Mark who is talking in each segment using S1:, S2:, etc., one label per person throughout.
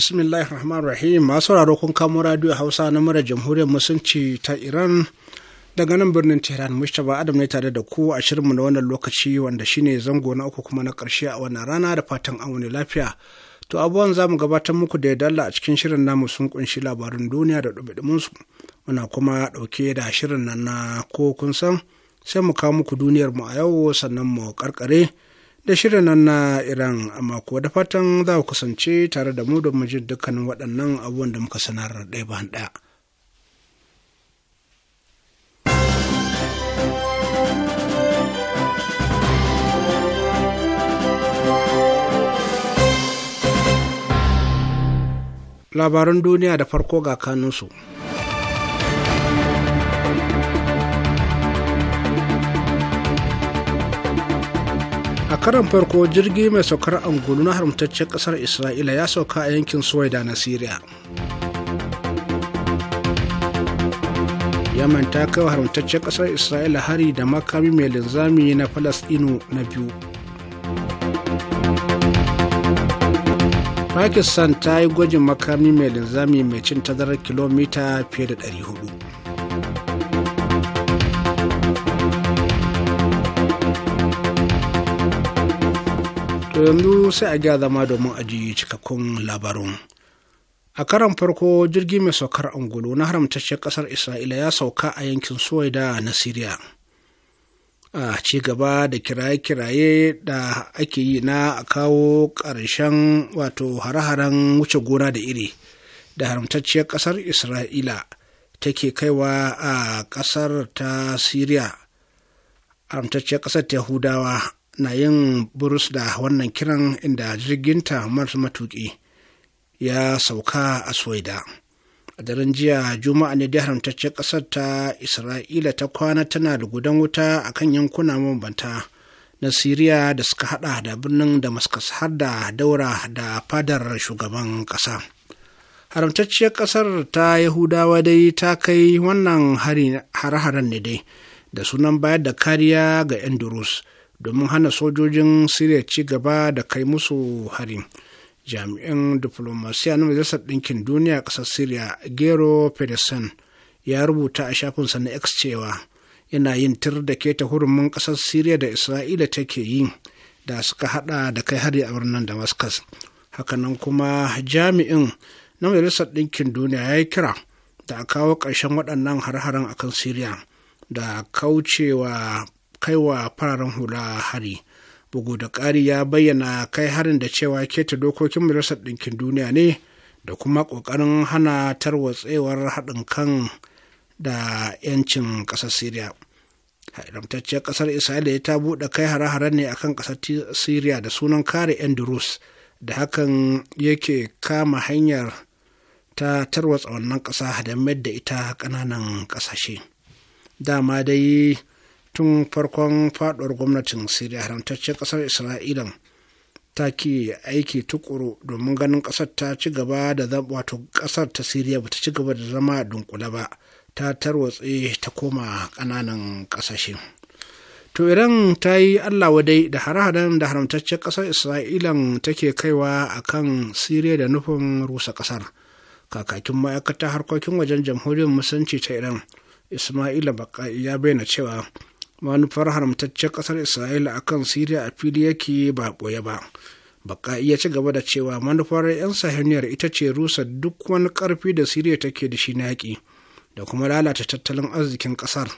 S1: bismillahir rahmanir rahim masu sauraro kun kamo radio hausa na mura jamhuriyar musulunci ta iran daga nan birnin tehran mustapha adam ne tare da ku a shirinmu na wannan lokaci wanda shine zango na uku kuma na karshe a wannan rana da fatan an lafiya to abubuwan za mu gabatar muku da ya dalla a cikin shirin namu sun kunshi labarin duniya da su muna kuma ɗauke da shirin nan na ko kun san sai mu kawo muku duniyar mu a yau sannan mu karkare da shirin nan na Iran amma kuwa da fatan za ku kasance tare da mu mu jin dukkanin waɗannan abubuwan da muka sanar ɗaya bayan ɗaya. Labaran duniya da farko ga kanunsu. karan farko jirgi mai saukar angulu na haramtaccen kasar isra'ila ya sauka a yankin suwaida na syria yaman ta kai wa haramtaccen kasar isra'ila hari da makami mai linzami na falasɗinu na biyu pakistan ta yi gwajin makami mai linzami mai cin tazarar kilomita fiye da 400 To yanzu sai a gya zama domin a ji cikakkun labarun. A karan farko jirgi mai saukar angulu na haramtacciyar ƙasar Isra'ila ya sauka a yankin Suwaida na Siriya. A ci gaba da kiraye-kiraye da ake yi na a kawo ƙarshen wato hare-haren wuce gona da iri da haramtacciyar ƙasar Isra'ila take kaiwa a ƙasar ta Siriya, haramtacciyar ƙasar ta Yahudawa na yin burus da wannan kiran inda jirginta marta matuki, ya sauka a soida a daren jiya juma'a ne da haramtaccen ƙasar ta isra'ila ta kwana tana da gudan wuta a kan yankuna mabambanta na siriya da suka hada da birnin damascus har da daura da fadar shugaban ƙasa haramtacciyar ƙasar ta yahudawa dai ta kai wannan hare-haren ne dai da sunan bayar da kariya ga 'yan durus domin hana sojojin Siriya ci gaba da kai musu hari. Jami'in diflomasiya na Majalisar Ɗinkin Duniya ƙasar Siriya, Gero Pedersen, ya rubuta a shafinsa na X cewa yana yin tir da keta hurumin ƙasar Siriya da Isra'ila take yi da suka hada da kai hari a birnin Damascus. Hakanan kuma jami'in na Majalisar Ɗinkin Duniya ya yi kira da a kawo ƙarshen waɗannan har-haren akan Siriya da kaucewa kaiwa fararen hula hari bugu da ƙari ya bayyana kai harin da cewa keta dokokin majalisar ɗinkin duniya ne da kuma ƙoƙarin hana tarwatsewar haɗin kan da 'yancin ƙasar syria haramtacciyar ƙasar isra'ila ta buɗe kai hare-hare ne akan ƙasar Siriya da sunan kare 'yan durus da hakan yake kama hanyar ta tarwatsa wannan ƙasa da ita ƙananan ƙasashe dama dai tun farkon faduwar gwamnatin siriya haramtaccen kasar isra'ilan ta ke aiki tukuru domin ganin kasar ta ci gaba da zama wato kasar ta siriya bata ci gaba da zama dunkula ba ta tarwatse ta koma kananan kasashe to iran ta yi allah wadai da harahadan da haramtaccen kasar isra'ilan take kaiwa a kan siriya da nufin rusa kasar kakakin ma'aikatar harkokin wajen jamhuriyar musulunci ta iran ismaila ya bayyana cewa manufar haramtaccen kasar isra'ila akan siriya a fili yake ba ɓoye ba baka iya ci gaba da cewa manufar 'yan sahaniyar ita ce rusa duk wani karfi da siriya take da shi yaƙi da kuma lalata tattalin arzikin ƙasar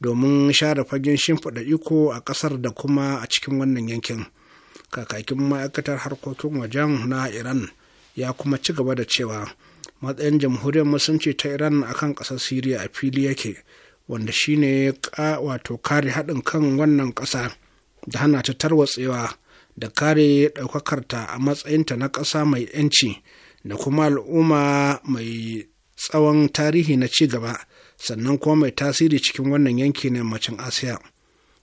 S1: domin share fagen shimfiɗa iko a ƙasar da kuma a cikin wannan yankin kakakin ma'aikatar harkokin wajen na iran ya kuma ci gaba da cewa matsayin jamhuriyar musulunci ta iran akan ƙasar siriya a fili yake wanda shi ne wato kare haɗin kan wannan ƙasa da hana ta tarwatsewa da kare ɗaukakarta a matsayinta na ƙasa mai 'yanci da kuma al'umma mai tsawon tarihi na ci gaba sannan kuma mai tasiri cikin wannan yanki na yammacin asiya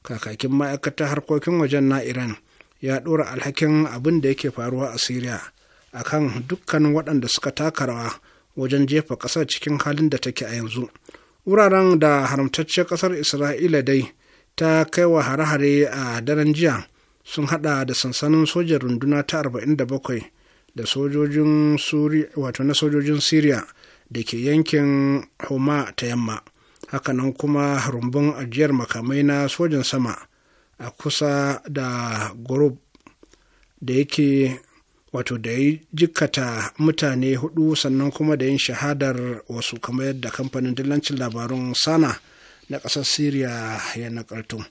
S1: kakakin ma'aikatar harkokin wajen na iran ya ɗora alhakin abin da yake faruwa a syria akan dukkanin waɗanda suka taka rawa wajen jefa ƙasar cikin halin da take a yanzu wuraren da haramtacciyar ƙasar isra'ila dai ta kai wa hare-hare a daren jiya sun hada da sansanin sojan runduna ta 47 da sojojin wato na sojojin syria da ke yankin homa ta yamma hakanan kuma rumbun ajiyar makamai na sojan sama a kusa da Gurub da yake wato da ya jikkata mutane hudu sannan kuma da yin shahadar wasu kamar yadda kamfanin dillancin labarun sana na ƙasar syria ya nakaltu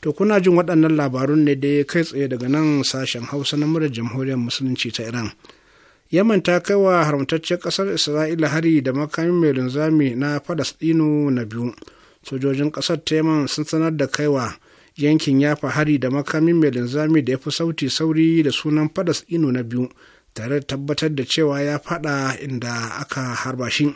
S1: to kuna jin waɗannan labarun ne da kai tsaye daga nan sashen hausa na murar jamhuriyar musulunci ta iran yaman ta kai wa haramtacciyar ƙasar isra'ila hari da makamin mai linzami na falasɗinu na biyu sojojin ƙasar ta yaman sun sanar da kaiwa yankin ya hari da makamin mai linzami da ya fi sauti sauri da sunan fadas ino na biyu tare da tabbatar da cewa ya fada inda aka harba shi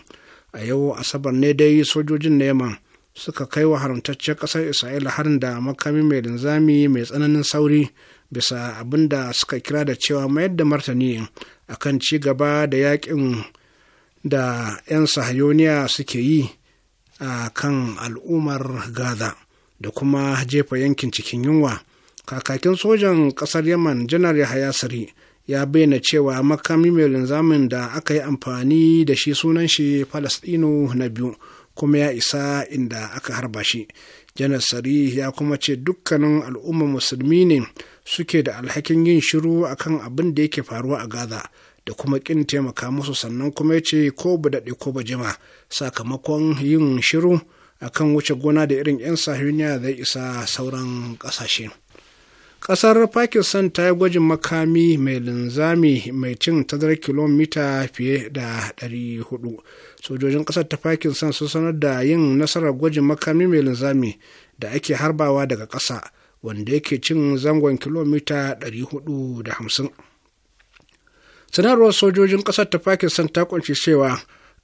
S1: a yau asabar ne dai sojojin neman suka kai wa haramtaccen ƙasar isra'ila harin da makamin mai linzami mai tsananin sauri bisa abin da suka kira da cewa mayar da martani akan ci gaba da yakin da 'yan sahayoniya suke yi a kan al'ummar gaza da kuma jefa yankin cikin yunwa kakakin sojan kasar yaman janar yahaya sari ya bayyana cewa makami mai linzamin da aka yi amfani da shi sunan shi Falasɗinu na biyu kuma ya isa inda aka harba shi janar sari ya kuma ce dukkanin al'umma musulmi ne suke da alhakin yin shiru akan abin da yake faruwa a gaza da kuma kin taimaka musu sannan kuma ya ce ko ba daɗe ko ba jima sakamakon yin shiru akan wuce gona da irin 'yan sahuniya zai isa sauran ƙasashe. Ƙasar Pakistan ta yi gwajin makami mai linzami mai cin tazarar kilomita fiye da 400. Sojojin ƙasar ta Pakistan sun sanar da yin nasarar gwajin makami mai linzami da ake harbawa daga ƙasa wanda yake cin zangon kilomita 450. Sanarwar sojojin ƙasar ta Pakistan ta kunshi cewa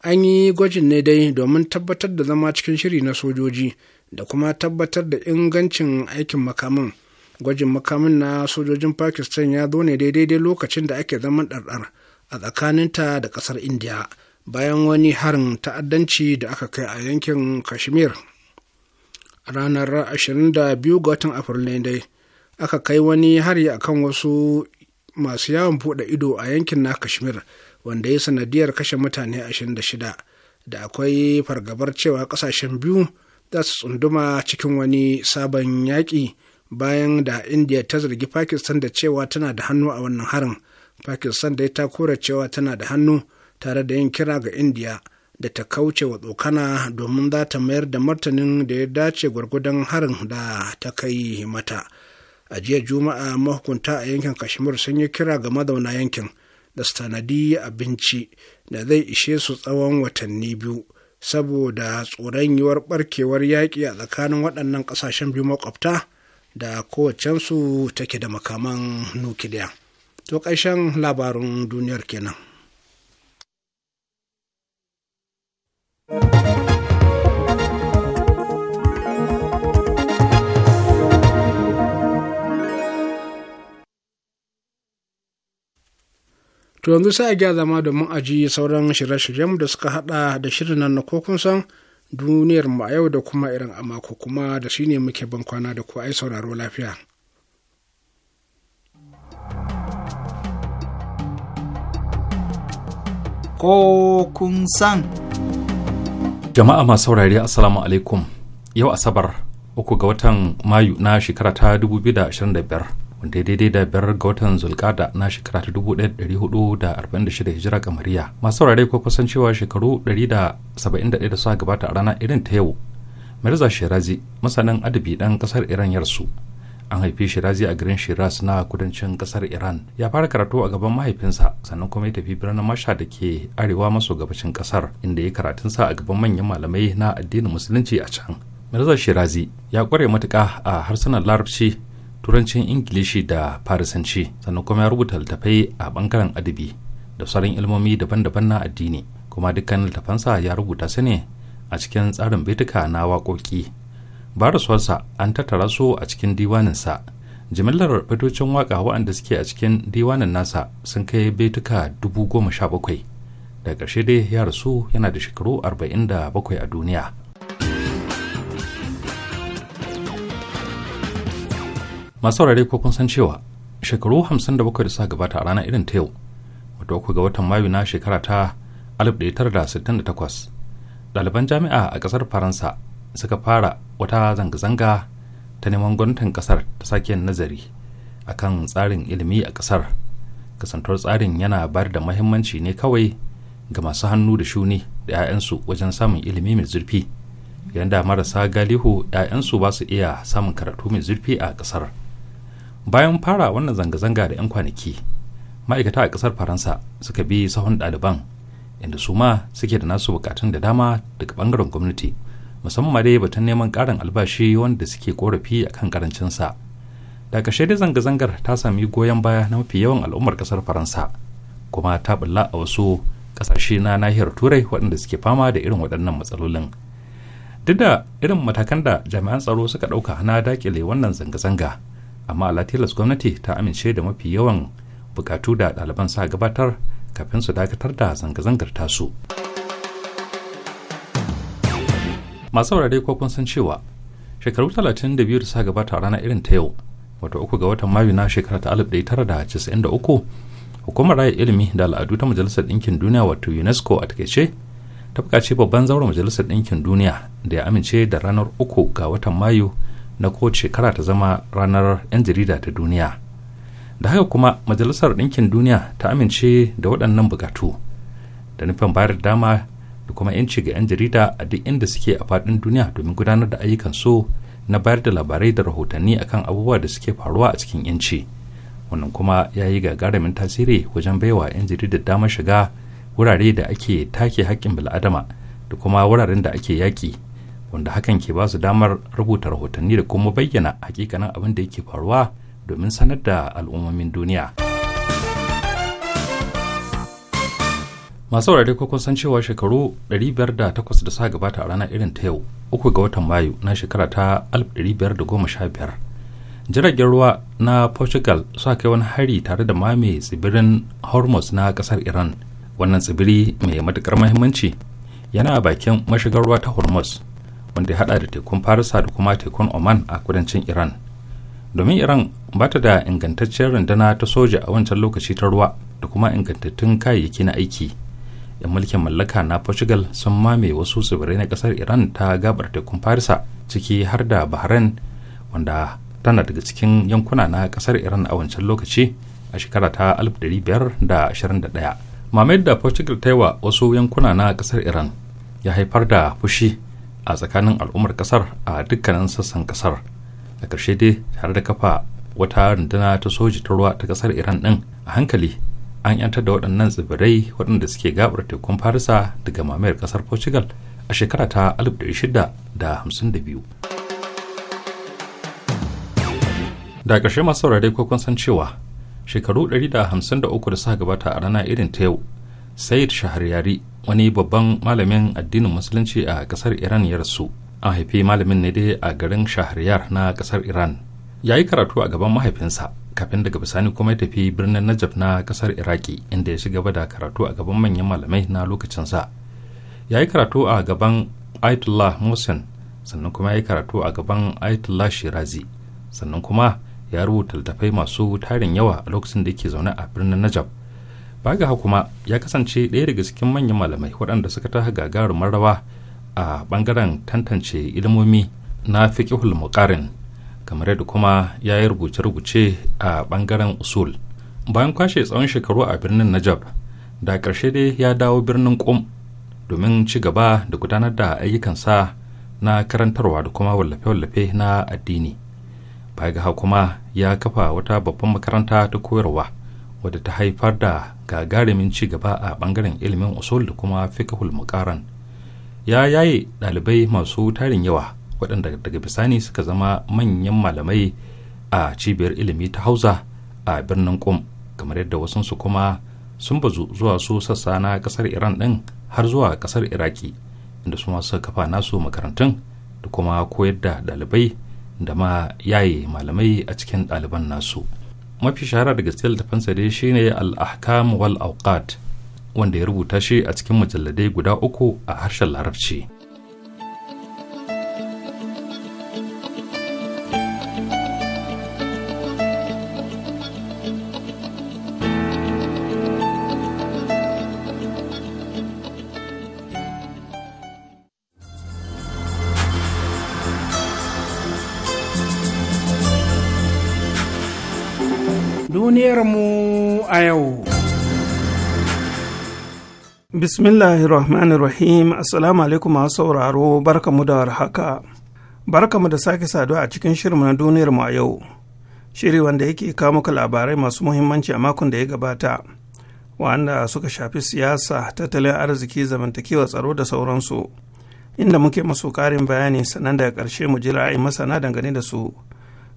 S1: an yi gwajin ne dai domin tabbatar da zama cikin shiri na sojoji da kuma tabbatar da ingancin aikin makamin gwajin makamin na sojojin pakistan ya zo ne daidai lokacin da ake zaman ɗarɗar a tsakaninta da ƙasar india bayan wani harin ta'addanci da aka kai a yankin kashmir ranar 22 ga watan afrilu dai aka kai wani hari akan wasu masu yawon buɗe ido a yankin na kashmir wanda ya sanadiyar kashe mutane 26 da akwai fargabar cewa kasashen biyu za su tsunduma cikin wani sabon yaƙi bayan da India ta zargi pakistan da cewa tana da hannu a wannan harin pakistan dai ta kura cewa tana da hannu tare da yin kira ga India da ta kauce wa tsokana domin za ta mayar da martanin da ya dace gwargwadon harin da ta kai mata a jiya juma'a mahukunta a yankin kashmir sun yi kira ga mazauna yankin da sanadi abinci da zai ishe su tsawon watanni biyu saboda tsoron yiwuwar barkewar yaƙi a tsakanin waɗannan ƙasashen biyu makwabta da kowacensu take da makaman nukiliya. To ƙarshen labarin duniyar kenan. to yanzu sai a gya zama domin a ji sauran shirye-shiryen da suka hada da shirin nan na kokun san duniyar mu a yau da kuma irin a mako kuma da shine muke ban kwana da ku ai sauraro lafiya
S2: kun san
S3: jama'a masu saurare assalamu alaikum yau asabar uku ga watan mayu na shekara ta 2025 wanda ya daidai da biyar ga watan zulkada na shekara ta shida hijira kamariya masu saurare ko kusan cewa shekaru ɗari da saba'in da da ɗaya suka gabata a rana irin ta yau mirza shirazi masanin adabi ɗan ƙasar iran yarsu an haifi shirazi a garin shiraz na kudancin ƙasar iran ya fara karatu a gaban mahaifinsa sannan kuma ya tafi birnin masha da ke arewa maso gabashin ƙasar. inda ya karatunsa a gaban manyan malamai na addinin musulunci a can mirza shirazi ya kware matuka a harsunan larabci turancin ingilishi da farisanci sannan kuma ya rubuta littafai a bangaren adabi da sauran ilmomi daban-daban na addini kuma dukkan littafansa ya rubuta su ne a cikin tsarin bituka na waƙoƙi ba an tattara su a cikin diwaninsa jimillar baitocin waƙa waɗanda suke a cikin diwanin nasa sun kai bituka dubu goma sha bakwai da ƙarshe dai ya rasu yana da shekaru arba'in da bakwai a duniya masu saurare ko kun san cewa shekaru 57 da suka gabata a rana irin ta yau wato uku ga watan mayu na shekara ta 1968 ɗaliban jami'a a ƙasar faransa suka fara wata zanga-zanga ta neman gwamnatin ƙasar ta sake nazari akan tsarin ilimi a ƙasar kasantar tsarin yana bayar da mahimmanci ne kawai ga masu hannu da shuni da 'ya'yansu wajen samun ilimi mai zurfi yadda marasa galihu 'ya'yansu ba su iya samun karatu mai zurfi a ƙasar. bayan fara wannan zanga-zanga da 'yan kwanaki ma'aikata a ƙasar faransa suka bi sahun ɗaliban inda su ma suke da nasu bukatun da dama daga bangaren gwamnati musamman dai batun neman karin albashi wanda suke korafi a kan ƙarancinsa da kashe dai zanga-zangar ta sami goyon baya na mafi yawan al'ummar ƙasar faransa kuma ta bulla a wasu ƙasashe na nahiyar turai waɗanda suke fama da irin waɗannan matsalolin duk da irin matakan da jami'an tsaro suka ɗauka na dakile wannan zanga-zanga amma latilas gwamnati ta amince da mafi yawan bukatu da ɗaliban sa gabatar kafin su dakatar da zanga-zangar tasu masu saurare ko kun san cewa shekaru 32 da sa gabata a ranar irin ta yau wato uku ga watan mayu na shekara ta 1993 hukumar raya ilimi da al'adu ta majalisar ɗinkin duniya wato unesco a takaice ta buƙaci babban zauren majalisar ɗinkin duniya da ya amince da ranar uku ga watan mayu na kowace shekara ta zama ranar 'yan jarida ta duniya da haka kuma majalisar ɗinkin duniya ta amince da waɗannan bukatu da nufin bayar da dama da kuma 'yanci ga 'yan jarida a duk inda suke a faɗin duniya domin gudanar da ayyukan so na bayar da labarai da rahotanni akan abubuwa da suke faruwa a cikin 'yanci wannan kuma ya yi gagarumin tasiri wajen baiwa 'yan jarida damar shiga wurare da ake take haƙƙin bil'adama da kuma wuraren da ake yaƙi wanda hakan ke ba su damar rubuta rahotanni da kuma bayyana hakikanin abin da yake faruwa domin sanar da al'ummomin duniya. masu saurare ko san cewa shekaru 508 da suka gabata a ranar irin ta yau uku ga watan mayu na shekara ta 1515 jiragen ruwa na portugal suka kai wani hari tare da mame tsibirin hormuz na kasar iran wannan tsibiri mai matukar mahimmanci yana bakin mashigar ruwa ta hormuz wanda ya hada da tekun farisa da kuma tekun oman a kudancin iran domin iran ba ta da ingantacciyar rundana ta soja a wancan lokaci ta ruwa da kuma ingantattun kayayyaki na aiki yan mulkin mallaka na portugal sun mame wasu tsibirai na kasar iran ta gabar tekun farisa ciki har da bahrain wanda tana daga cikin yankuna na kasar iran a wancan lokaci a shekara ta 1521 mamayar da portugal ta yi wa wasu yankuna na kasar iran ya haifar da fushi a tsakanin al'ummar kasar a dukkanin sassan kasar a ƙarshe dai tare da kafa wata runduna ta soji ta ruwa ta kasar iran din a hankali an yantar da waɗannan tsibirai waɗanda suke gabar tekun farisa daga mamayar kasar portugal a shekara ta 1652 da ƙarshe masu saurare ko kun san cewa shekaru uku da suka gabata a rana irin ta yau said Shahriyari wani babban malamin addinin musulunci a kasar iran ya rasu an haifi malamin ne dai a garin shahriyar na kasar iran ya yi karatu a gaban mahaifinsa kafin daga bisani kuma ya tafi birnin najaf na kasar iraki inda ya shiga da karatu a gaban manyan malamai na lokacinsa ya yi karatu a gaban aitullah musin sannan kuma ya yi karatu a gaban aitullah shirazi sannan kuma ya rubuta littattafai masu tarin yawa a lokacin da yake zaune a birnin najaf baga kuma ya kasance ɗaya daga cikin manyan malamai waɗanda suka ta gagarumin rawa a ɓangaren tantance ilimomi na fiƙihul muƙarin kamar yadda kuma ya yi rubuce-rubuce a ɓangaren usul bayan kwashe tsawon shekaru a birnin najab da ƙarshe dai ya dawo birnin ƙum domin ci gaba da gudanar da ayyukansa na karantarwa da kuma wallafe-wallafe na addini baya ga kuma ya kafa wata babban makaranta ta koyarwa wadda ta haifar da gagarumin ci gaba a bangaren ilimin usul da kuma fikahul mukaran ya yaye dalibai masu tarin yawa waɗanda daga bisani suka zama manyan malamai a cibiyar ilimi ta hausa a birnin kum kamar yadda wasansu kuma sun bazu zuwa su sassa na kasar iran ɗin har zuwa kasar iraki inda su masu kafa nasu makarantun da kuma koyar da dalibai da ma yaye malamai a cikin ɗaliban nasu. mafi shahara daga cikin littafansa dai shine al-ahkam wal awqat wanda ya rubuta shi a cikin mujalladai guda uku a harshen larabci
S4: yau. Bismillahir Rahmanir Rahim Assalamu alaikum masu sauraro barkamu da warhaka. Barkamu da sake saduwa a cikin shirin na duniyar mu a yau. Shiri wanda yake kawo muku labarai masu muhimmanci a makon da ya gabata. Wanda suka shafi siyasa, tattalin arziki, zamantakewa tsaro da sauransu. Inda muke masu ƙarin bayani sannan daga ƙarshe mu ji ra'ayin masana dangane da su.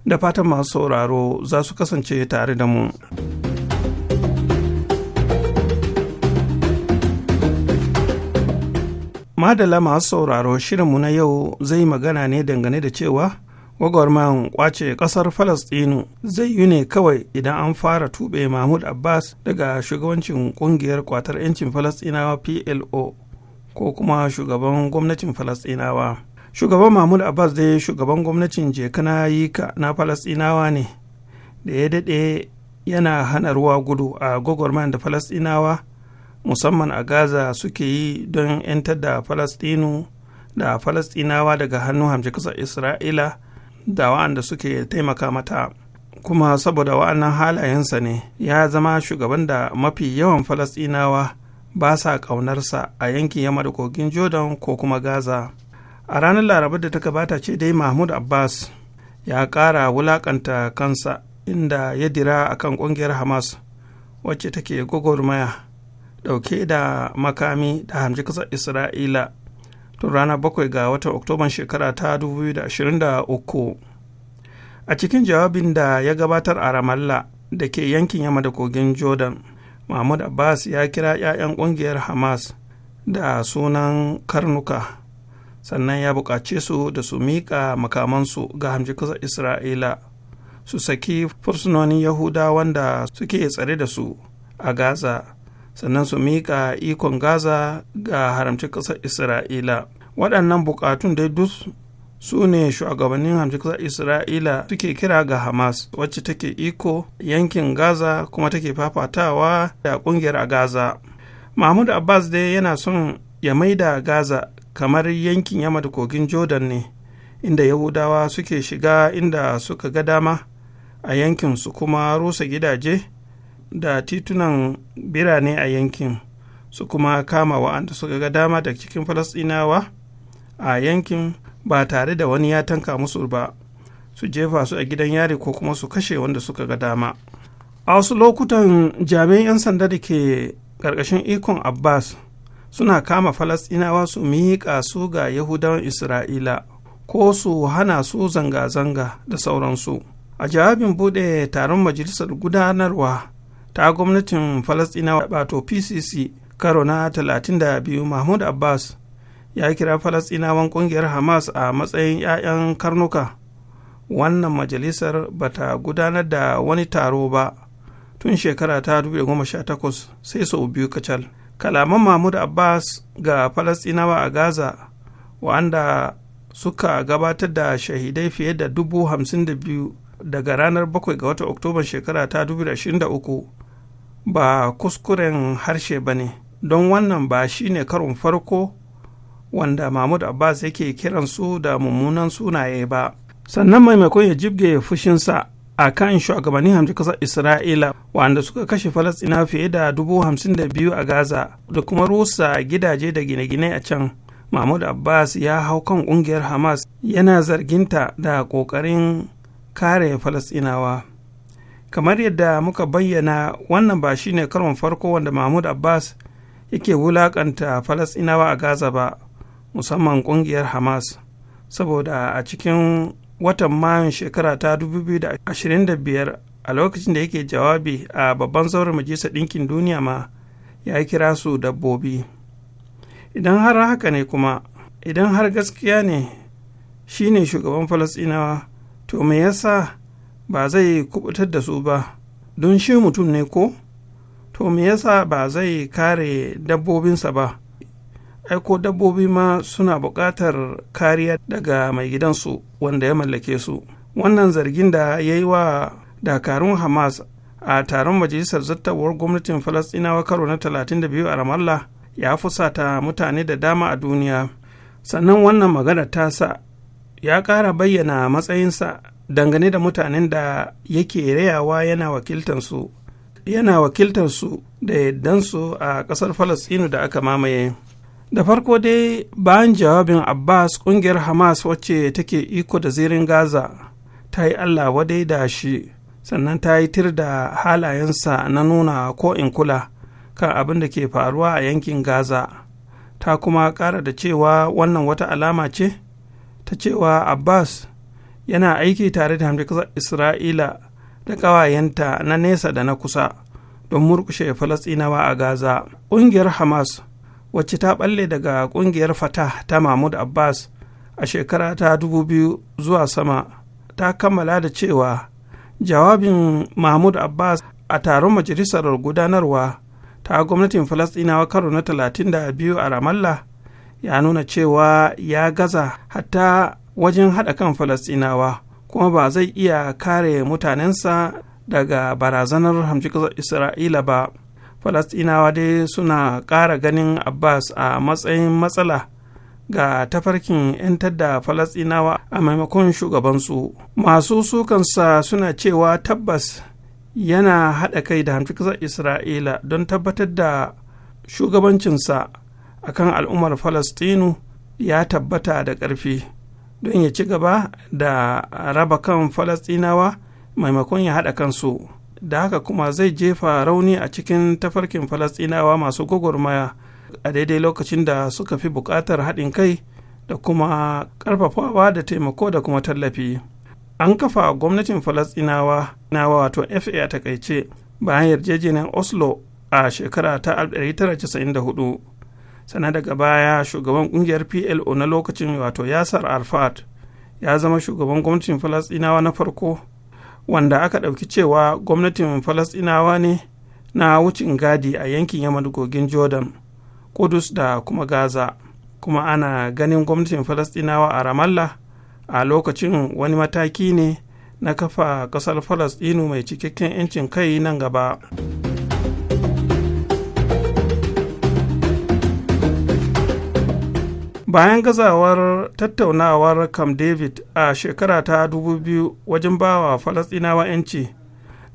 S4: Da fatan masu sauraro za su kasance tare da mu. madala masu sauraro shirinmu na yau zai magana ne dangane da cewa gwagwarmayan kwace kasar falastinu zai yi ne kawai idan an fara tube mahmud abbas daga shugabancin kungiyar kwatar 'yancin falastinawa plo ko kuma shugaban gwamnatin falastinawa shugaban mahmud abbas dai shugaban gwamnatin jekana yika na falastinawa ne da ya daɗe yana hana ruwa gudu a gwagwarmayan da falastinawa musamman a gaza suke yi don 'yantar da falastinu da falastinawa daga hannu hamshe ƙasar isra'ila da wa'anda suke taimaka mata kuma saboda wa'annan halayensa ne ya zama shugaban da mafi yawan falastinawa ba sa ƙaunarsa a yankin yamma da kogin jordan ko kuma gaza a ranar laraba da ta gabata ce dai mahmud abbas ya ƙara wulaƙanta kansa inda ya dira akan ƙungiyar hamas wacce take gwagwarmaya Dauke da makami da hamji Kasar isra'ila tun ranar bakwai ga watan oktoban shekara ta 2023 a cikin jawabin da ya gabatar a ramallah da ke yankin yamma da kogin jordan mahmud abbas ya kira 'ya'yan ƙungiyar hamas da sunan karnuka sannan ya buƙace su da su miƙa makamansu ga hamji Kasar isra'ila su saki fursunonin Yahudawan da suke tsare da su a gaza sannan su mika ikon gaza ga haramci ƙasar isra'ila waɗannan buƙatun dai duk su ne shugabannin haramci ƙasar isra'ila suke kira ga hamas wacce take iko yankin gaza kuma take fafatawa da ƙungiyar a gaza mahmud abbas dai yana son ya maida gaza kamar yankin yamma da kogin jordan ne inda yahudawa suke shiga inda suka ga dama a yankin su kuma rusa gidaje da titunan birane a yankin su kuma kama wa'anda suka ga dama da cikin falasɗinawa a yankin ba tare da wani ya tanka musu ba su jefa su a gidan yari ko kuma su kashe wanda suka ga dama a wasu lokutan jami'an 'yan sanda da ke ƙarƙashin ikon abbas suna kama falasɗinawa su miƙa su ga yahudawan isra'ila ko su hana su zanga-zanga da sauransu a jawabin buɗe taron majalisar gudanarwa ta gwamnatin falasɗinawa wato pcc karo na 32 mahmud abbas ya kira falasɗinawan ƙungiyar hamas a matsayin 'ya'yan karnuka wannan majalisar ba ta gudanar da wani taro ba tun shekara ta 2018 sai sau biyu kacal kalaman mahmud abbas ga falasɗinawa a gaza wanda suka gabatar da shahidai fiye da 52 daga ranar 7 ga watan oktoba shekara ta 2023 ba kuskuren harshe ba ne don wannan ba shi ne karon farko wanda mahmud abbas yake kiransu da mummunan sunaye ba sannan maimakon ya jibge fushinsa a kan shugabannin hamsin kasar isra'ila wanda suka kashe falastina fiye da dubu hamsin da biyu a gaza da kuma rusa gidaje da gine-gine a can mahmud abbas ya hau kan kungiyar hamas yana zarginta da kokarin kare falasinawa kamar yadda muka bayyana wannan ba shine karon farko wanda mahmud abbas yake wulakanta falasinawa a gaza ba musamman ƙungiyar hamas saboda a cikin watan mayun shekara ta 2025 a lokacin da yake jawabi a babban zauren majalisar ɗinkin duniya ma ya kira su dabbobi idan har haka ne kuma idan har gaskiya ne shine shugaban falasinawa to me yasa ba zai kubutar da su ba don shi mutum ne ko to me yasa ba zai kare dabbobinsa ba aiko dabbobi ma suna buƙatar kariya daga mai gidansu wanda ya mallake su wannan zargin da ya yi wa dakarun hamas a taron majalisar zattawar gwamnatin falastinawa karo na 32 a ramallah ya fusata mutane da dama a duniya sannan wannan magana sa ya kara bayyana matsayinsa dangane da mutanen da yake rayawa yana wakiltansu yana wakiltansu da yaddansu a ƙasar falasɗinu da aka mamaye da farko dai bayan jawabin abbas ƙungiyar hamas wacce take iko da zirin gaza ta yi allah wadai da shi sannan ta yi tir da halayensa na nuna ko in kula kan abin da ke faruwa a yankin gaza ta kuma ƙara da cewa wannan wata alama ce ta cewa abbas yana aiki tare da hamdukasar isra'ila da ƙawayenta na nesa da na kusa don murkushe falasɗinawa a gaza ƙungiyar hamas wacce ta ɓalle daga ƙungiyar fatah ta mahmud abbas a shekara ta 2000 zuwa sama ta kammala da cewa jawabin mahmud abbas a taron majalisar gudanarwa ta gwamnatin falasɗinawa karo na 32 a ramallah ya nuna cewa ya gaza hatta wajen haɗa kan falastinawa kuma ba zai iya kare mutanensa daga barazanar hamjikar isra'ila ba falastinawa dai suna ƙara ganin abbas a matsayin matsala ga tafarkin yan tadda falastinawa a maimakon shugabansu masu sukansa suna cewa tabbas yana haɗa kai da hamfikar isra'ila don tabbatar da shugabancinsa akan al'ummar falastinu ya tabbata da ƙarfi don ya ci gaba da raba kan falastinawa maimakon ya haɗa kansu da haka kuma zai jefa rauni a cikin tafarkin falastinawa masu gwagwarmaya a daidai lokacin da suka fi buƙatar haɗin kai da kuma ƙarfafawa da taimako da kuma tallafi an kafa gwamnatin falastinawa na wato fa a takaice bayan yarjejeniyar oslo a shekara ta 1994 sana daga baya shugaban kungiyar plo na lokacin wato yasar arfat ya zama shugaban gwamnatin falasɗinawa na farko wanda aka ɗauki cewa gwamnatin falasɗinawa ne na wucin gadi a yankin yaman gogin jordan kudus da kuma gaza kuma ana ganin gwamnatin falasɗinawa a ramallah a lokacin wani mataki ne na kafa ƙasar falasɗinu mai cikakken 'yancin kai nan gaba. bayan gazawar tattaunawar camp david a shekara ta 2000 wajen bawa falasɗinawa 'yanci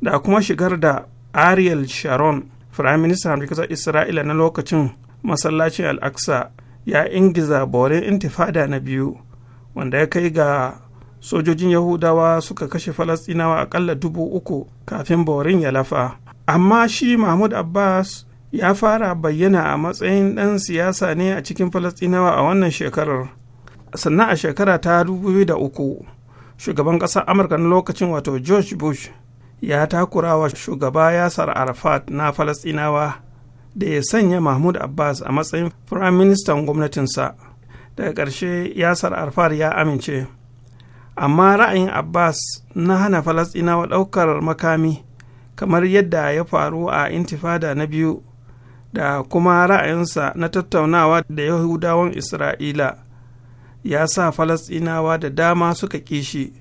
S4: da kuma shigar da ariel sharon firaministan rikisar isra'ila na lokacin masallacin al'aqsa ya ingiza borin intifada na biyu wanda ya kai ga sojojin yahudawa suka kashe falasɗinawa akalla dubu uku kafin borin ya lafa amma shi mahmud abbas ya fara bayyana a matsayin ɗan siyasa ne a cikin falastinawa a wannan shekarar sannan a shekara ta 2003 shugaban ƙasar amurka na lokacin wato george bush ya takura wa shugaba yasar arafat na falastinawa da ya sanya mahmud abbas a matsayin firaministan gwamnatinsa daga ƙarshe yasar arafat ya amince amma ra'ayin abbas na hana falastinawa ɗaukar makami kamar yadda ya faru a intifada na biyu da kuma ra'ayinsa na tattaunawa da yahudawan isra'ila ya sa Falasinawa da dama suka kishi shi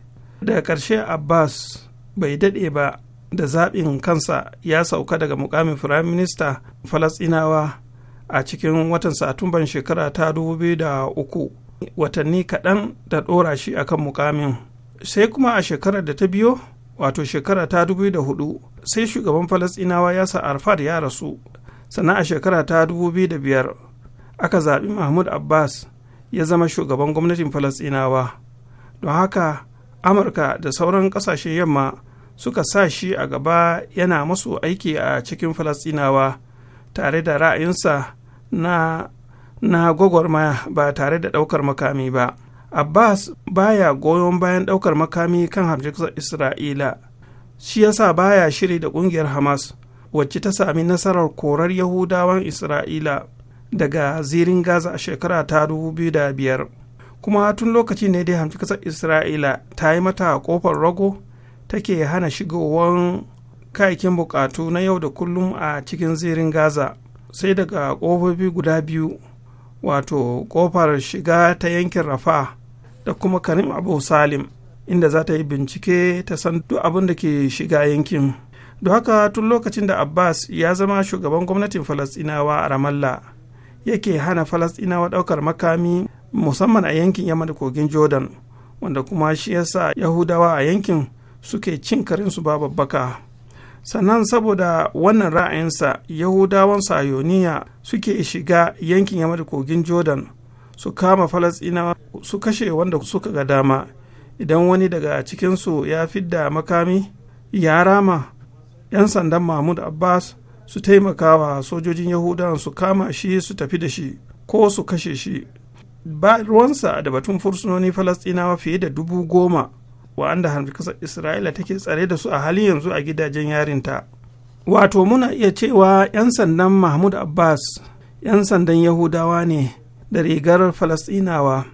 S4: daga ƙarshe abbas bai daɗe ba da zaɓin kansa ya sauka daga mukamin firaminista Falasinawa a cikin watan satumban shekara ta 2003 watanni kaɗan da ɗora shi akan mukamin sai kuma a shekarar da ta biyo wato shekara ta 2004 sai shugaban Falasinawa ya sa arfad ya rasu sannan a shekara ta biyu da biyar, aka zaɓi mahmud abbas ya zama shugaban gwamnatin Falasinawa, don haka amurka da sauran ƙasashen yamma suka sa shi a gaba yana masu aiki a cikin Falasinawa tare da ra'ayinsa na na gwagwarmaya ba tare da ɗaukar makami ba abbas baya goyon bayan ɗaukar makami kan hamjikar isra'ila shi yasa baya shiri da ƙungiyar hamas wacce ta sami nasarar korar yahudawan isra'ila daga zirin gaza a shekara ta biyar kuma tun lokaci ne dai hamci kasar isra'ila ta yi mata kofar rago take hana shigowar kayakin bukatu na yau da kullum a cikin zirin gaza sai daga kofofi guda biyu wato kofar shiga ta yankin rafa da kuma karim abu salim inda za ta yi bincike ta san duk abin da ke shiga yankin don haka tun lokacin da abbas ya zama shugaban gwamnatin falasɗinawa a ramallah yake hana falasɗinawa ɗaukar makami musamman a yankin yamma da kogin jordan wanda kuma shi yasa yahudawa a yankin suke cin karinsu ba babbaka sannan saboda wannan ra'ayinsa yahudawan sayoniya suke shiga yankin yamma da kogin jordan su kama falasɗinawa su kashe wanda suka ga dama idan wani daga cikinsu ya fidda makami ya rama 'yan sandan mahmud abbas su taimakawa sojojin yahudawan su kama shi su tafi da shi ko su kashe shi ba ruwansa da batun fursunoni falastinawa fiye da dubu goma wa'anda harfikasar isra'ila take tsare da su a halin yanzu a gidajen yarinta wato muna iya cewa 'yan sandan mahmud abbas 'yan sandan yahudawa ne da rigar falastinawa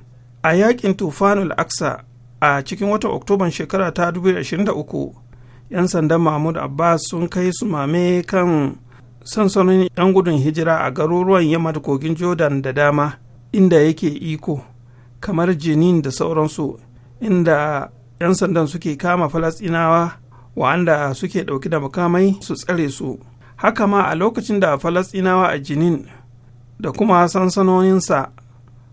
S4: a yakin tufanul aksa a cikin watan oktoban shekara ta 2023 'yan sandan mahmud abbas sun kai su mame kan sansanin 'yan gudun hijira a garuruwan yamma da kogin jordan da dama inda yake iko kamar jenin da sauransu inda 'yan sandan suke kama falasinawa wa'anda suke ɗauki da makamai su tsare su haka ma a lokacin da falasinawa a jinin da kuma sansanoninsa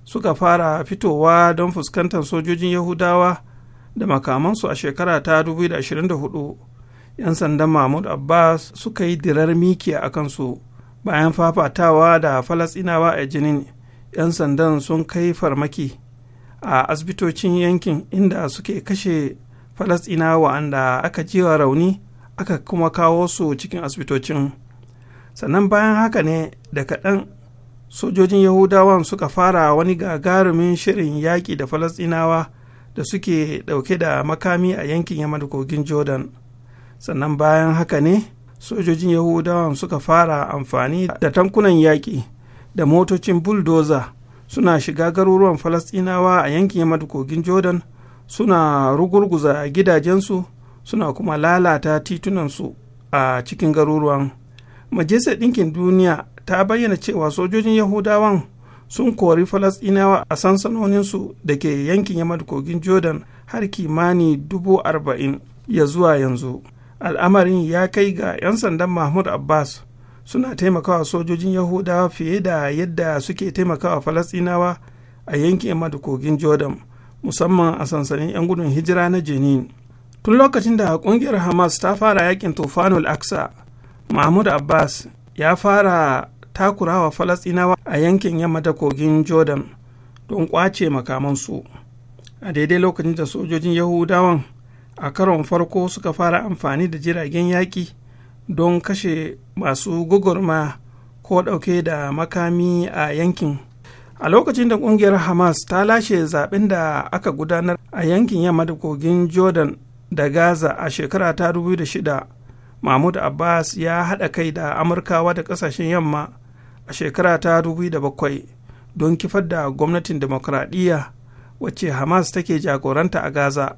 S4: suka fara fitowa don fuskantar sojojin yahudawa da makamansu a shekara ta 2024 'yan sandan mahmud abbas suka yi dirar miki a kansu bayan fafatawa da falasinawa a jinin 'yan sandan sun kai farmaki a asibitocin yankin inda suke kashe falasinawa da aka jiwa rauni aka kuma kawo su cikin asibitocin sannan bayan haka ne da kaɗan sojojin yahudawan suka fara wani gagarumin shirin yaƙi da falasinawa da suke ɗauke da makami a yankin yamma da kogin jordan sannan bayan haka ne sojojin yahudawan suka fara amfani da tankunan yaƙi da motocin bulldozer suna shiga garuruwan falastinawa a yankin yamma da kogin jordan suna rugurguza gidajensu suna kuma lalata titunansu a cikin garuruwan majalisar ɗinkin duniya ta bayyana cewa sojojin yahudawan sun kori falasɗinawa a sansanoninsu da ke yankin yamma kogin jordan har kimani dubu arba'in ya zuwa yanzu al'amarin ya kai ga 'yan sandan mahmud abbas suna taimakawa sojojin yahudawa fiye da yadda suke taimakawa falasɗinawa a yankin yamma kogin jordan musamman a sansanin 'yan gudun hijira na jenin tun lokacin da kungiyar hamas ta fara yakin tufanul aksa mahmud abbas ya fara Takura takurawa falasinawa a yankin yamma ta kogin jordan don kwace makamansu a daidai lokacin da sojojin yahudawan a karon farko suka fara amfani da jiragen yaƙi don kashe masu gugurma ko ɗauke da makami a yankin a lokacin da ƙungiyar hamas ta lashe zaɓen da aka gudanar a yankin yamma da kogin jordan da gaza a shekara ta 2006 mahmud abbas ya haɗa kai da amurkawa da ƙasashen yamma a shekara ta 2007 don kifar da gwamnatin demokradiyya wacce hamas take jagoranta a gaza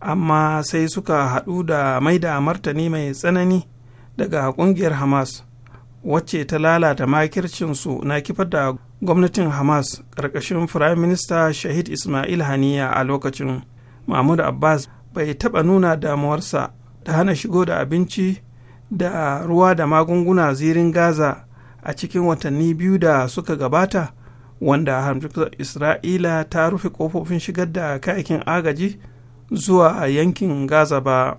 S4: amma sai suka haɗu da maida martani mai tsanani daga ƙungiyar hamas wacce ta lalata makircinsu na kifar da gwamnatin hamas ƙarƙashin firayim minista shahid ismail haniya a lokacin mahmud abbas bai taɓa nuna damuwarsa ta hana shigo da abinci da ruwa da magunguna zirin gaza a cikin watanni biyu da suka gabata wanda hamjiktar isra'ila ta rufe kofofin shigar da kayakin agaji zuwa yankin gaza ba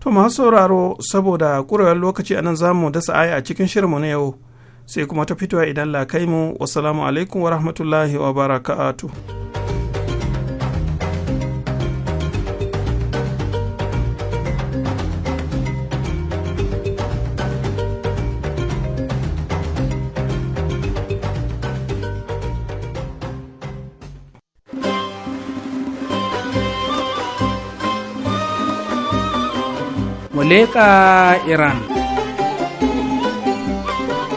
S4: to masu sauraro saboda ƙurewar lokaci a nan zamu mu dasa aya a cikin shirinmu na yau sai kuma ta fitowa idan la kai mu wasalamu alaikum wa rahmatullahi wa barakatuh
S2: leka iran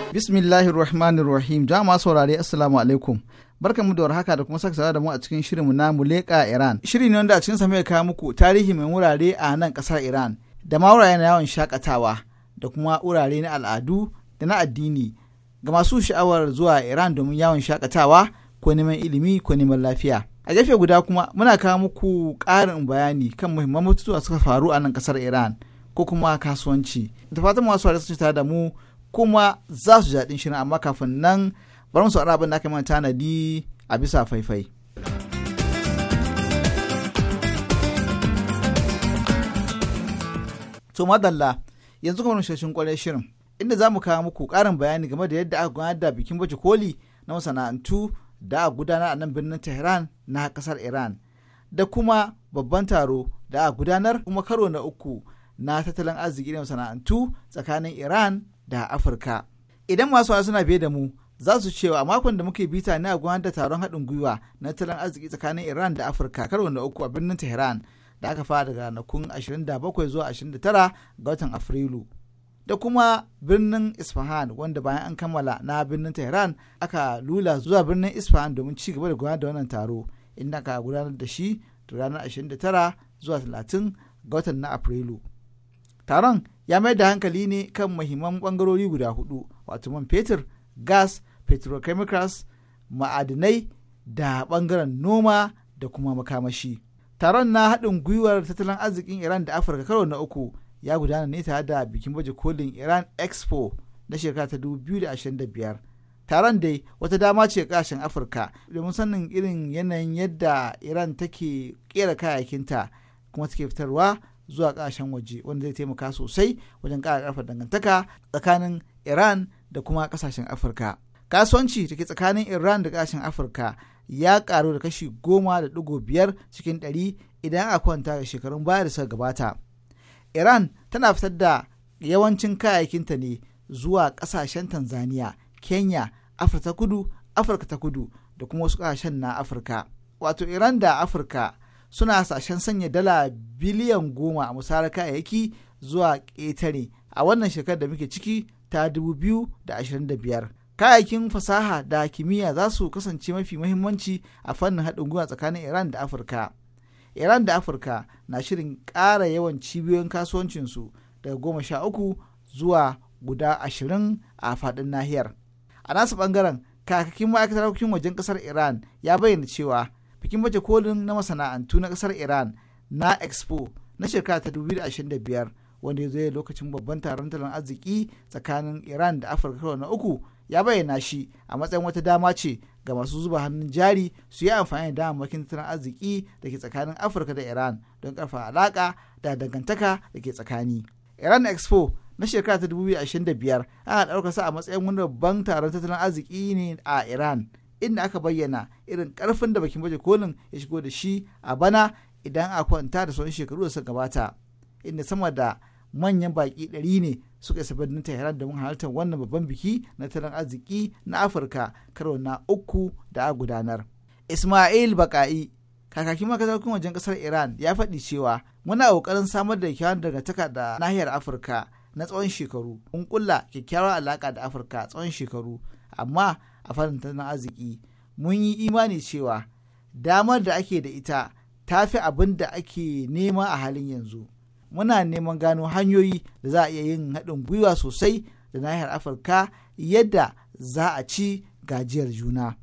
S2: bismillahir rahmanir rahim jama'a saurare assalamu alaikum barkan mu da warhaka da kuma saka da mu a cikin shirinmu na muleka iran shiri ne wanda a cikin sa mai kawo muku tarihi mai wurare a nan kasar iran da ma wurare na yawon shakatawa da kuma wurare na al'adu da na addini ga masu sha'awar zuwa iran domin yawon shakatawa ko neman ilimi ko neman lafiya a gefe guda kuma muna kawo muku ƙarin bayani kan muhimman mutuwa suka faru a nan kasar iran ko kuma kasuwanci da fatan masu wari sun tare da mu kuma za su jaɗin shirin amma kafin nan bari mu saurara abin da aka mana tanadi a bisa faifai. To madalla yanzu kuma shashin kwarai shirin inda za mu kawo muku ƙarin bayani game da yadda aka gudanar da bikin baje koli na masana'antu da a gudanar a nan birnin Tehran na kasar Iran da kuma babban taro da a gudanar kuma karo na uku na tattalin arziki da masana'antu tsakanin Iran da Afirka. Idan masu suna biye da mu za su cewa makon da muke bita ne a gudanar da taron haɗin gwiwa na tattalin arziki tsakanin Iran da Afirka karo na uku a birnin Tehran da aka fara daga ranakun 27 zuwa 29 ga watan Afrilu. Da kuma birnin Isfahan wanda bayan an kammala na birnin Tehran aka lula zuwa birnin Isfahan domin ci gaba da gudanar da wannan taro inda aka gudanar da shi ranar 29 zuwa 30 ga watan na Afrilu. taron ya mai da hankali ne kan mahimman bangarori guda hudu wato man fetur gas petrochemicals ma'adinai da bangaren noma da kuma makamashi taron na haɗin gwiwar tattalin arzikin iran da afirka karo na uku ya gudana ne tare da bikin baje kolin iran expo na shekara ta 2025 taron dai wata dama ce kashin afirka domin sanin irin yanayin yadda iran take kera kayayyakinta kuma take fitarwa zuwa kasashen waje wanda zai taimaka sosai wajen ƙara ƙarfa dangantaka tsakanin iran da kuma kasashen afirka kasuwanci da ke tsakanin iran da kasashen afirka ya karu da kashi goma da digo biyar cikin ɗari idan a kwanta da shekarun baya da suka gabata iran tana fitar da yawancin kayayyakinta ne zuwa kasashen tanzania kenya afirka ta kudu afirka ta kudu da kuma wasu kasashen na afirka wato iran da afirka suna hasashen sanya dala biliyan goma a musayar kayayyaki zuwa ƙetare a wannan shekarar da muke ciki ta 2025 kayayyakin fasaha da kimiyya za su kasance mafi muhimmanci a fannin haɗin gwiwa tsakanin iran da afirka iran da afirka na shirin ƙara yawan cibiyoyin kasuwancinsu daga goma sha uku zuwa guda ashirin a faɗin nahiyar a nasu ɓangaren kakakin ma'aikatar harkokin wajen ƙasar iran ya bayyana cewa bikin baje kolin na masana'antu na kasar iran na expo na shekara ta 2025 wanda ya zo lokacin babban taron tattalin arziki tsakanin iran da afirka na uku ya bayyana shi a matsayin wata dama ce ga masu zuba hannun jari su yi amfani da damammakin tattalin arziki da ke tsakanin afirka da iran don karfa alaka da dangantaka da ke tsakani iran expo na shekara ta 2025 ana ɗaukar sa a matsayin wani babban taron tattalin arziki ne a iran inda aka bayyana irin karfin da bakin baje kolin ya shigo da shi a bana idan a kwanta da sauran shekaru da suka gabata inda sama da manyan baki ɗari ne suka isa birnin Tehran domin halartar wannan babban biki na tattalin arziki na Afirka karo na uku da a gudanar. Ismail Baka'i kakakin makasarkin wajen kasar Iran ya faɗi cewa muna ƙoƙarin samar da kyawun dangantaka da nahiyar Afirka na tsawon shekaru. Mun kulla kyakkyawar alaƙa da Afirka tsawon shekaru amma a fannin tattalin arziki mun yi imani cewa damar da ake da ita ta fi abin da ake nema a halin yanzu muna neman gano hanyoyi da za a iya yin haɗin gwiwa sosai da nahiyar afirka yadda za a ci gajiyar juna.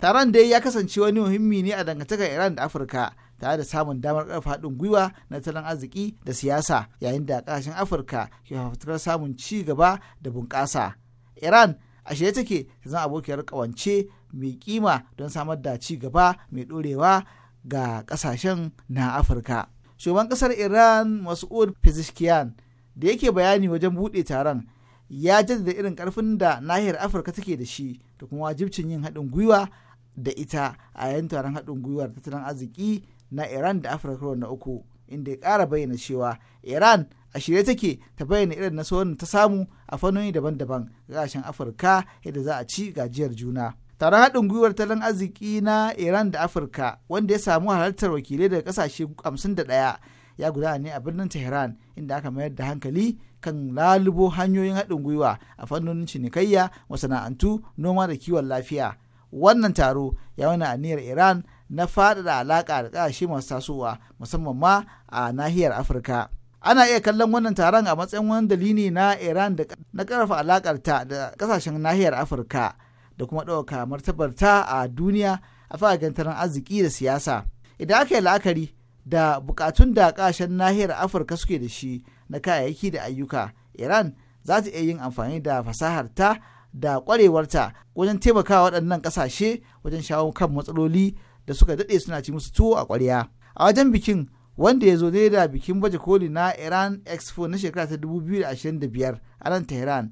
S2: taron dai ya kasance wani muhimmi ne a dangantakar iran da afirka tare da samun damar ƙarfa haɗin gwiwa na tattalin arziki da siyasa yayin da ƙasashen afirka ke fafutukar samun ci gaba da bunƙasa iran a shirye take ta zama abokiyar ƙawance mai kima don samar da ci gaba mai ɗorewa ga ƙasashen na afirka shugaban ƙasar iran mas'ud pezeshkian da yake bayani wajen buɗe taron ya jaddada irin ƙarfin da nahiyar afirka take da shi da kuma wajibcin yin haɗin gwiwa da ita a yayin taron haɗin gwiwar tattalin arziki na iran da afirka na uku inda ya kara bayyana cewa iran a shirye take ta bayyana irin nasarorin ta samu a fannoni daban-daban ga afirka yadda za a ci gajiyar juna taron haɗin gwiwar tattalin arziki na iran da afirka wanda ya samu halartar wakilai daga ƙasashe 51 ya gudana ne a birnin tehran inda aka mayar da hankali kan lalubo hanyoyin haɗin gwiwa a fannonin cinikayya masana'antu noma da kiwon lafiya wannan taro ya wani aniyar iran na faɗaɗa alaƙa da ƙasashe masu tasowa musamman ma a nahiyar afirka ana iya kallon wannan taron a matsayin wani dalili na iran da na ƙarfa alaƙarta da ƙasashen nahiyar afirka da kuma ɗauka martabarta a duniya a fagen taron arziki da siyasa idan aka yi la'akari da bukatun da ƙasashen nahiyar afirka suke da shi na kayayyaki da ayyuka iran za ta iya yin amfani da fasaharta da ƙwarewarta wajen taimakawa waɗannan ƙasashe wajen shawo kan matsaloli da suka daɗe suna ci musu tuwo a kwarya. a wajen bikin wanda ya zo dai da bikin baje koli na iran expo na shekara ta 2025 a nan tehran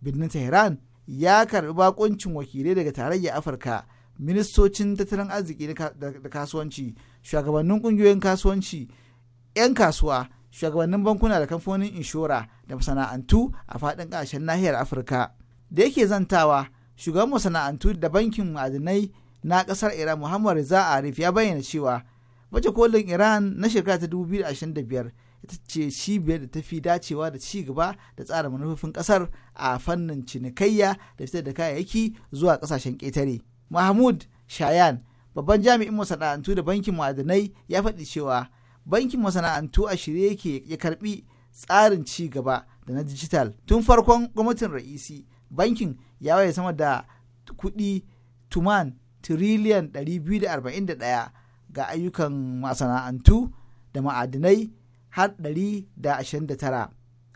S2: birnin tehran ya karbi bakoncin wakilai daga tarayya afirka ministocin tattalin arziki da kasuwanci shugabannin ƙungiyoyin kasuwanci 'yan kasuwa shugabannin bankuna da kamfanin inshora da masana'antu a faɗin ƙasashen nahiyar afirka da yake zantawa shugaban masana'antu da bankin ma'adinai na ƙasar iran muhammad riza arif ya bayyana cewa baje kolin iran na shekara ta 2025 ita ce cibiyar da ta fi dacewa da ci gaba da tsara manufofin ƙasar a fannin cinikayya da fitar da kayayyaki zuwa ƙasashen ƙetare mahmud shayan babban jami'in masana'antu da bankin ma'adanai ya faɗi cewa bankin masana'antu a shirye yake ya karbi tsarin ci gaba da na dijital tun farkon gwamnatin ra'isi bankin ya waye sama da kuɗi tuman tiriliyan 241 ga ayyukan masana'antu da ma'adinai har 129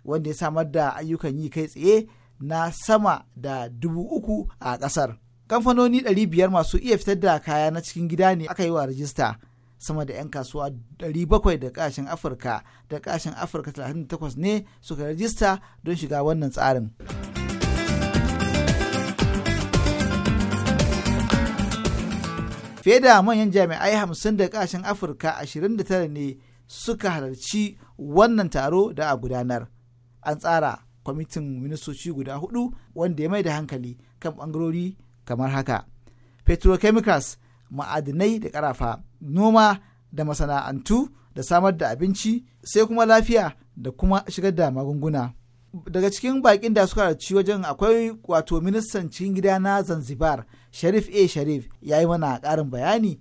S2: wanda ya samar da ayyukan yi kai tsaye na sama da dubu uku a kasar. Kamfanoni 500 masu iya fitar da kaya na cikin gida ne aka yi wa rajista sama da 'yan kasuwa 700 da kashin Afirka da kashin Afirka 38 ne suka rajista don shiga wannan tsarin. fiye da manyan jami'ai hamsin da kashin afirka ashirin da tara ne suka halarci wannan taro da a gudanar an tsara kwamitin ministoci guda hudu wanda ya mai da hankali kan bangarori kamar haka petrochemicals ma'adinai da karafa noma da masana'antu da samar da abinci sai kuma lafiya da kuma shigar da magunguna daga cikin bakin da suka ci wajen akwai wato ministan cikin gida na zanzibar sharif a sharif ya yi mana karin bayani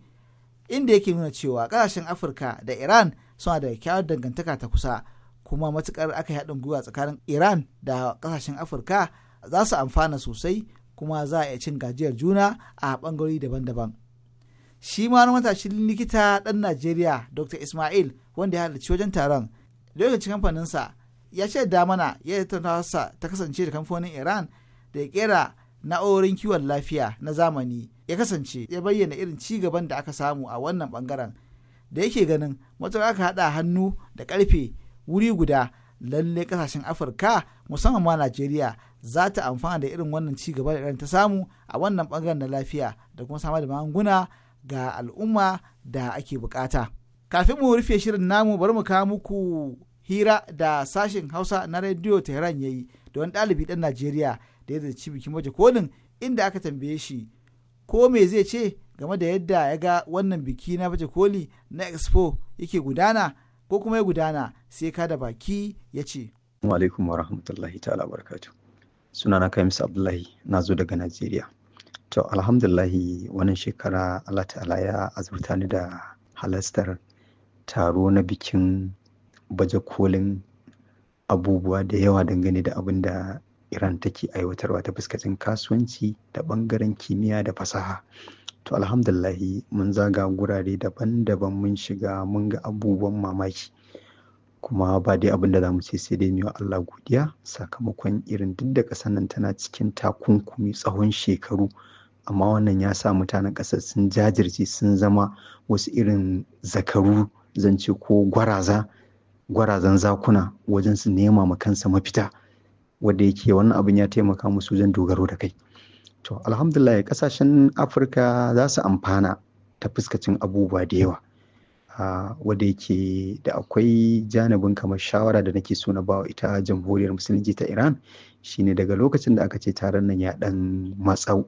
S2: inda yake nuna cewa kasashen afirka da iran suna da kyawar dangantaka ta kusa kuma matukar aka yi haɗin gwiwa tsakanin iran da kasashen afirka za su amfana sosai kuma za a iya cin gajiyar juna a bangarori daban-daban shi ma wani matashin likita ɗan najeriya dr ismail wanda ya halarci wajen taron lokacin kamfaninsa ya shaida mana yadda sa ta kasance da kamfanin iran da ya kera na'urorin kiwon lafiya na zamani ya kasance ya bayyana irin ci gaban da aka samu a wannan bangaren da yake ganin matuƙa aka haɗa hannu da ƙarfe wuri guda lalle ƙasashen afirka musamman ma najeriya za ta amfana da irin wannan ci gaba da iran ta samu a wannan bangaren na lafiya da kuma samar da magunguna ga al'umma da ake bukata kafin mu rufe shirin namu bari mu kawo muku hira da sashen hausa na rediyo tehran ya yi da wani ɗalibi ɗan najeriya da ya zaci bikin baje kolin inda aka tambaye shi ko me zai ce game da yadda ya ga wannan biki na baje koli na expo yake gudana ko kuma ya gudana sai ka da baki ya ce
S5: alaikum ta'ala barakatu suna na kayan abdullahi na zo daga najeriya to alhamdulahi wannan shekara allah ta'ala ya azurta ni da halastar taro na bikin baje kolin abubuwa da yawa dangane da abin da Iran take aiwatarwa ta fuskacin kasuwanci da bangaren kimiyya da fasaha. To alhamdulahi mun zaga gurare daban-daban mun shiga mun ga abubuwan mamaki. Kuma ba dai abin da za mu ce sai dai wa Allah godiya sakamakon irin duk da ƙasar nan tana cikin takunkumi tsawon shekaru. Amma wannan ya sa mutanen ƙasar sun jajirce sun zama wasu irin zakaru zance ko gwaraza gwarazan zakuna wajen su nema ma kansa mafita wadda yake wannan abin ya taimaka musu wajen dogaro da kai to alhamdulillah kasashen afirka za su amfana ta fuskacin abubuwa da yawa wadda yake da akwai janibin kamar shawara da nake so na bawa ita jamhuriyar musulunci ta iran shine daga lokacin da aka ce taron nan ya dan matsau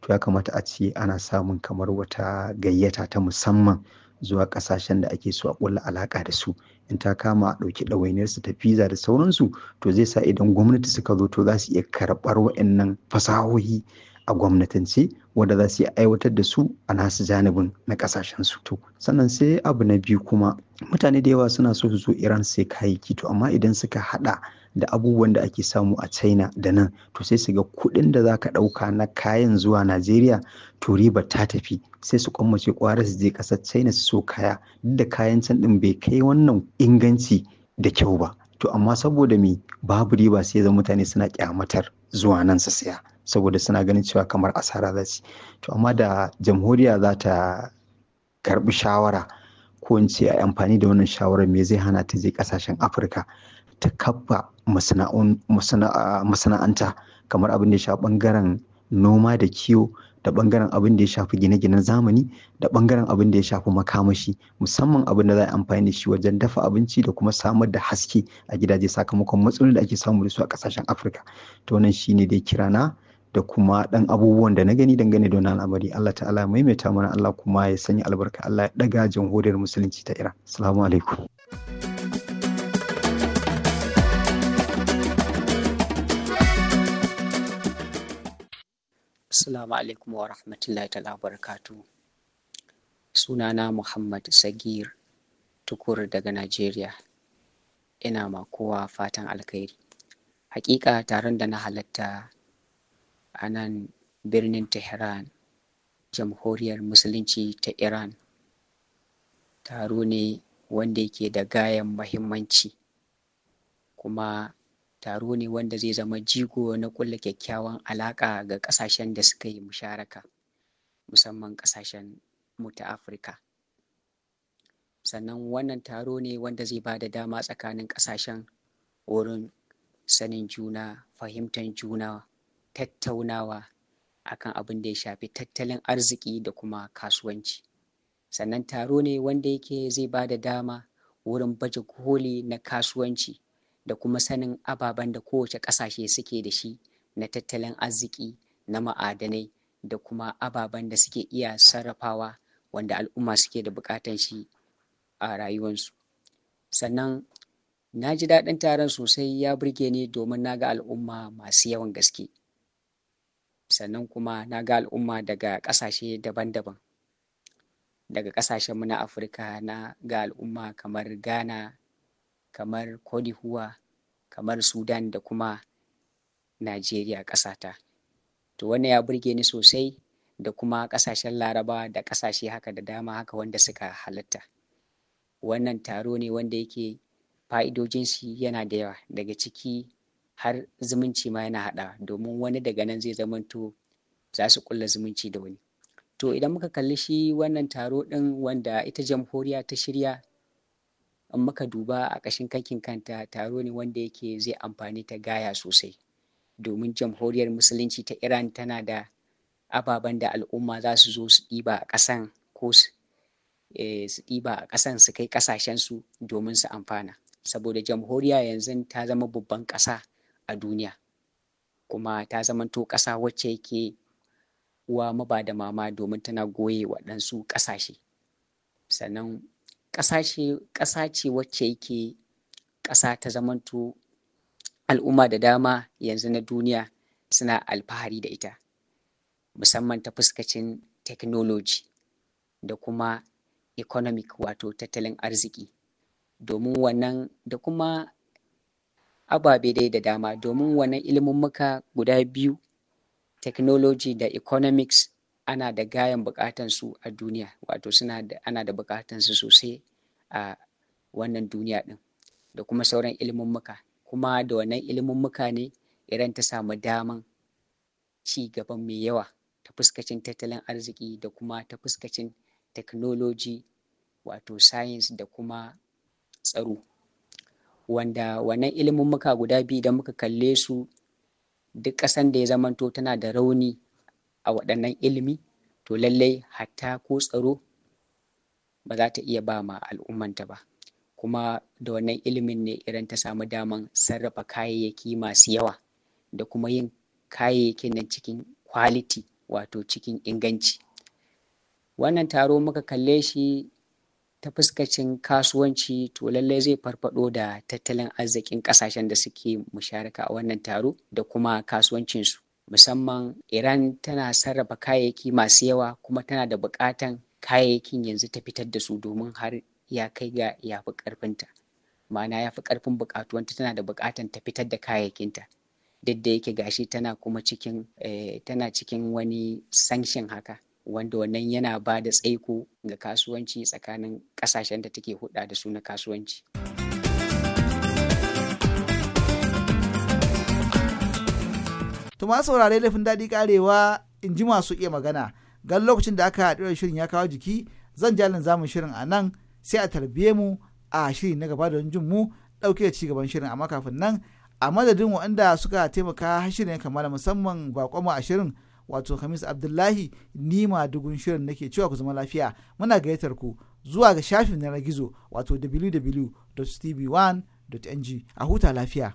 S5: to ya kamata a ce ana samun kamar wata gayyata ta musamman zuwa kasashen da ake so a ƙulla alaƙa da su in ta kama a ɗauki su ta fiza da sauransu to zai sa idan gwamnati suka zo to za su iya karɓar wa'annan fasahohi a gwamnatance wanda za su aiwatar da su a nasu janibin na kasashen su to sannan sai abu na biyu kuma mutane da yawa suna so su zo iran sai kayayyaki to amma idan suka haɗa. da abubuwan da ake samu a china da nan to sai su ga kuɗin da za ka ɗauka na kayan zuwa najeriya to riba ta tafi sai su kwammace kwara su je ƙasar china su so kaya duk da kayan can ɗin bai kai wannan inganci da kyau ba to amma saboda me babu riba sai zan mutane suna kyamatar zuwa nan su saya saboda suna ganin cewa kamar asara za su to amma da jamhuriya za ta karbi shawara ko in ce a amfani da wannan shawarar me zai hana ta je kasashen afirka ta kafa masana'anta kamar abin da ya shafi bangaren noma da kiwo da bangaren abin da ya shafi gine-ginen zamani da bangaren abin da ya shafi makamashi musamman abin da za a amfani da shi wajen dafa abinci da kuma samar da haske a gidaje sakamakon matsalolin da ake samu da su a ƙasashen afirka to wannan shi ne dai kirana da kuma dan abubuwan da na gani dangane da wannan al'amari Allah ta'ala ya maimaita mana Allah kuma ya sanya albarka Allah ya ɗaga jamhuriyar musulunci ta Iran. Assalamu alaikum.
S6: Assalamu alaikum wa rahmatullahi ta'ala Suna Sunana Muhammad Sagir Tukur daga Najeriya. Ina ma kowa fatan alkhairi. Hakika taron da na halatta a nan birnin Tehran, Jamhuriyar Musulunci ta Iran. Taro ne wanda yake da gayan mahimmanci kuma taro ne wanda zai zama jigo na kulla kyakkyawan alaƙa ga ƙasashen da suka yi musharaka musamman ƙasashen mu ta afirka sannan wannan taro ne wanda zai ba da dama tsakanin ƙasashen wurin sanin juna fahimtar juna tattaunawa akan abin da ya shafi tattalin arziki da kuma kasuwanci sannan taro ne wanda yake zai ba da dama wurin baje koli na kasuwanci da kuma sanin ababen da kowace ƙasashe suke da shi na tattalin arziki na ma'adanai da kuma ababen da suke iya sarrafawa wanda al'umma suke da buƙatan shi a rayuwarsu sannan na ji daɗin taron sosai ya burge ni domin na ga al'umma masu yawan gaske sannan kuma na ga al'umma daga ƙasashe daban-daban daga ƙasashenmu na afirka na ga al'umma kamar ghana kamar kodihuwa kamar sudan da kuma najeriya ƙasata to wannan ya burge ni sosai da kuma ƙasashen laraba da ƙasashe haka da dama haka wanda suka halatta wannan taro ne wanda yake fa'idojin shi yana da yawa daga ciki har zumunci ma yana haɗa domin wani daga nan zai zamanto za su kulla zumunci da wani to idan muka kalli shi wannan taro din wanda ita jamhuriya ta shirya in muka duba a ƙashin kankin kanta taro ne wanda yake zai amfani ta gaya sosai domin jamhuriyar musulunci ta iran tana da ababen da al'umma za su zo su ɗiba a ƙasan ko su eh, ɗiba a ƙasan su kai ƙasashensu domin su amfana saboda jamhuriya yanzu ta zama babban ƙasa a duniya kuma ta zama to ƙasa wacce yake uwa maba da mama domin tana goye waɗansu ƙasashe sannan ƙasa ce wacce yake ƙasa ta zamanto al'umma da dama yanzu na duniya suna alfahari da ita musamman ta fuskacin technology da kuma economic wato tattalin arziki domin wannan da kuma ababe dai da dama domin wannan ilmummuka guda biyu technology da economics ana da gayan bukatan su a duniya wato suna da ana da bukatan su sosai a wannan duniya din da kuma sauran muka kuma da wannan muka ne iran ta samu daman ci gaban mai yawa ta fuskacin tattalin arziki da kuma ta fuskacin technology wato science da kuma tsaro wanda wannan muka guda biyu da muka kalle su duk ƙasan da ya zamanto tana da rauni a waɗannan ilimi to lallai hatta ko tsaro ba za ta iya ba ma al'ummanta ba kuma da wannan ilimin ne idan ta samu daman sarrafa kayayyaki masu yawa da kuma yin kayayyakin nan cikin kwaliti wato cikin inganci wannan taro muka kalle shi ta fuskacin kasuwanci to lallai zai farfado da tattalin arzikin kasashen da suke musharaka a wannan taro da kuma kasuwancinsu musamman iran tana sarrafa kayayyaki masu yawa kuma tana da bukatan kayayyakin yanzu ta fitar da su domin har ya kai ga ya fi ƙarfinta ma'ana ya fi ƙarfin bukatuwanta tana da bukatan ta fitar da kayayyakinta duk da yake gashi tana kuma cikin eh, tana cikin wani sanshin haka wanda wannan yana ba da tsaiko ga kasuwanci tsakanin ƙasashen da take hudda da su na kasuwanci.
S2: to ma saurare laifin daɗi karewa in ji masu iya magana gan lokacin da aka haɗu shirin ya kawo jiki zan jalin zamu shirin a nan sai a tarbiye mu a shiri na gaba don jin mu ɗauke da cigaban shirin amma kafin nan a madadin waɗanda suka taimaka shirin ya kammala musamman mu a shirin wato Hamis Abdullahi ni ma dugun shirin nake cewa ku zama lafiya muna gayyatar ku zuwa ga shafin na gizo wato www.tv1.ng a huta lafiya.